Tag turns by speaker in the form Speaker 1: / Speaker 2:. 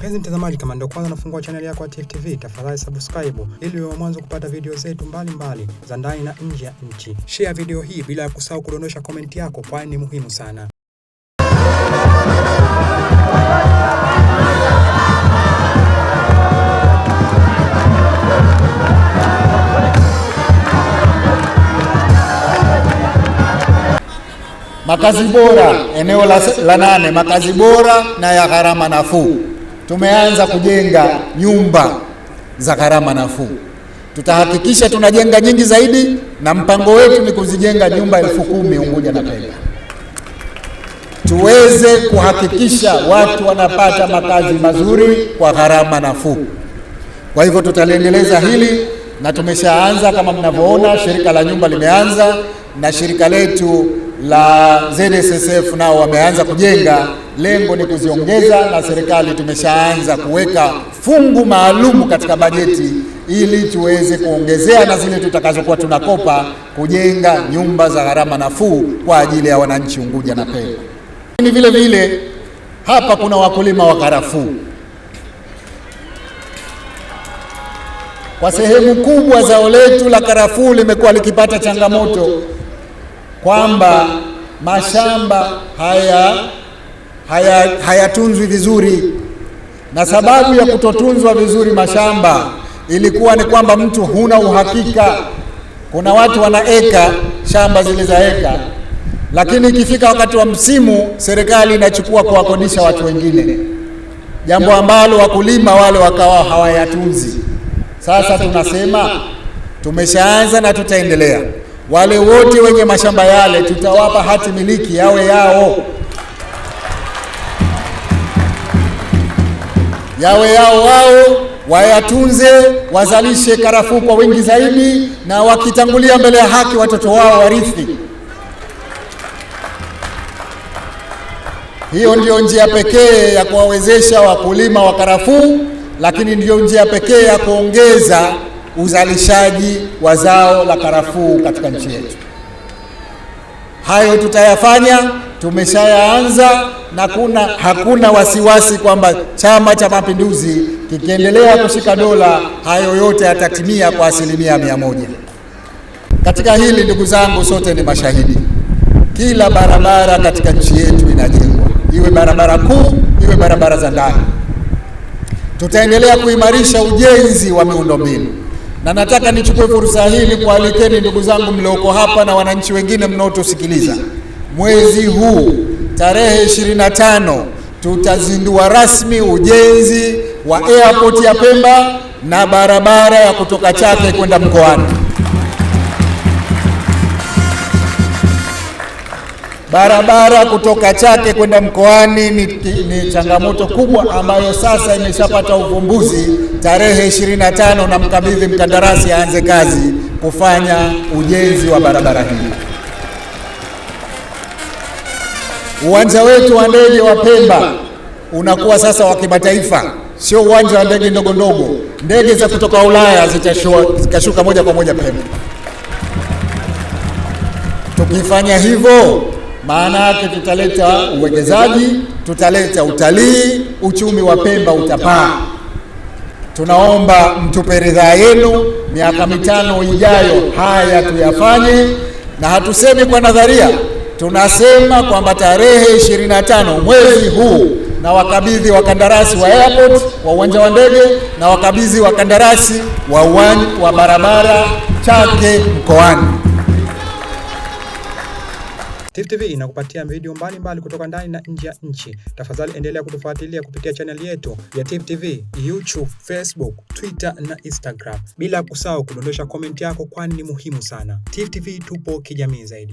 Speaker 1: Mpenzi mtazamaji, kama ndio kwanza nafungua chaneli yako ya Tifu TV, tafadhali subscribe ili uwe mwanzo kupata video zetu mbalimbali za ndani na nje ya nchi. Share video hii bila ya kusahau kudondosha komenti yako, kwani ni muhimu sana.
Speaker 2: Makazi bora eneo la nane, makazi bora na ya gharama nafuu tumeanza kujenga nyumba za gharama nafuu. Tutahakikisha tunajenga nyingi zaidi, na mpango wetu ni kuzijenga nyumba elfu kumi Unguja na Pemba, tuweze kuhakikisha watu wanapata makazi mazuri kwa gharama nafuu. Kwa hivyo tutaliendeleza hili na tumeshaanza, kama mnavyoona, shirika la nyumba limeanza na shirika letu la ZSSF nao wameanza kujenga, lengo ni kuziongeza, na serikali tumeshaanza kuweka fungu maalum katika bajeti ili tuweze kuongezea na zile tutakazokuwa tunakopa kujenga nyumba za gharama nafuu kwa ajili ya wananchi Unguja na Pemba. Ni vile vile hapa kuna wakulima wa karafuu kwa sehemu kubwa, zao letu la karafuu limekuwa likipata changamoto kwamba mashamba haya hayatunzwi haya vizuri, na sababu ya kutotunzwa vizuri mashamba ilikuwa ni kwamba mtu huna uhakika. Kuna watu wanaeka shamba zilizaeka eka, lakini ikifika wakati wa msimu serikali inachukua kuwakodisha watu wengine, jambo ambalo wakulima wale wakawa hawayatunzi. Sasa tunasema tumeshaanza na tutaendelea wale wote wenye mashamba yale tutawapa hati miliki yawe yao, yawe yao wao, wayatunze, wazalishe karafuu kwa wingi zaidi, na wakitangulia mbele ya haki watoto wao warithi. Hiyo ndiyo njia pekee ya kuwawezesha wakulima wa karafuu, lakini ndiyo njia pekee ya kuongeza uzalishaji wa zao la karafuu katika nchi yetu. Hayo tutayafanya, tumeshayaanza na kuna hakuna wasiwasi kwamba Chama cha Mapinduzi kikiendelea kushika dola hayo yote yatatimia kwa asilimia mia moja. Katika hili ndugu zangu, sote ni mashahidi. Kila barabara katika nchi yetu inajengwa, iwe barabara kuu, iwe barabara za ndani. Tutaendelea kuimarisha ujenzi wa miundombinu na nataka nichukue fursa hii ni kualikeni ndugu zangu mlioko hapa na wananchi wengine mnaotusikiliza, mwezi huu tarehe 25 tutazindua rasmi ujenzi wa airport ya Pemba na barabara ya kutoka Chake kwenda Mkoani. Barabara kutoka Chake kwenda mkoani ni, ni changamoto kubwa ambayo sasa imeshapata uvumbuzi. Tarehe 25 na mkabidhi mkandarasi aanze kazi kufanya ujenzi wa barabara hii. Uwanja wetu wa ndege wa Pemba unakuwa sasa wa kimataifa, sio uwanja wa ndege ndogo ndogo. Ndege za kutoka Ulaya zitashuka moja kwa moja Pemba. Tukifanya hivyo maana yake tutaleta uwekezaji, tutaleta utalii, uchumi wa Pemba utapaa. Tunaomba mtupe ridhaa yenu, miaka mitano ijayo haya tuyafanye, na hatusemi kwa nadharia, tunasema kwamba tarehe 25 mwezi huu na wakabidhi wakandarasi wa airport wa uwanja wa ndege na wakabidhi wakandarasi wa uwanja wa barabara Chake mkoani.
Speaker 1: Tifu TV inakupatia video mbalimbali kutoka ndani na nje ya nchi. Tafadhali endelea kutufuatilia kupitia chaneli yetu ya Tifu TV, YouTube, Facebook, Twitter na Instagram, bila kusahau kudondosha komenti yako, kwani ni muhimu sana. Tifu TV tupo kijamii zaidi.